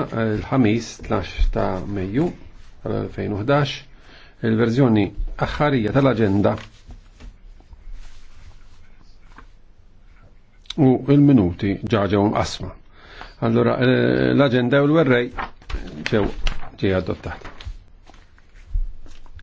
l-ħamis 12 ta' Mejju tal-2011 il-verżjoni aħħarija tal-aġenda u il-minuti ġaġaw asma. Allora l-aġenda u l-werrej ġew ġie adottati.